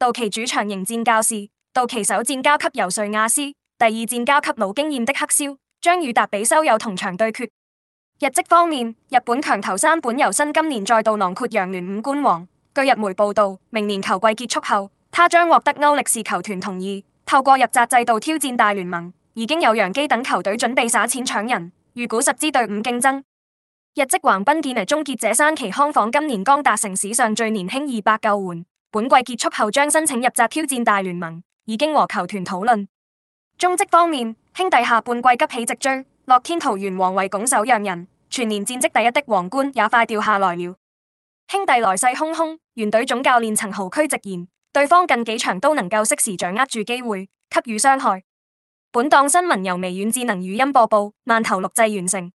道奇主場迎戰教士，道奇首戰交給尤瑞亞斯，第二戰交給老經驗的克蕭，將與達比修有同場對決。日職方面，日本強投山本由新今年再度囊括洋聯五冠王。據日媒報道，明年球季結束後，他將獲得歐力士球團同意，透過入閘制度挑戰大聯盟。已經有洋基等球隊準備撒錢搶人，預估十支隊伍競爭。日職橫濱健尼終結者山崎康房今年剛達成史上最年輕二百救援。本季結束後將申請入閘挑戰大聯盟，已經和球團討論。中職方面，兄弟下半季急起直追，樂天桃園王位拱手讓人，全年戰績第一的皇冠也快掉下來了。兄弟來勢洶洶，原隊總教練曾豪區直言，對方近幾場都能夠適時掌握住機會，給予傷害。本檔新聞由微軟智能語音播報，慢投錄製完成。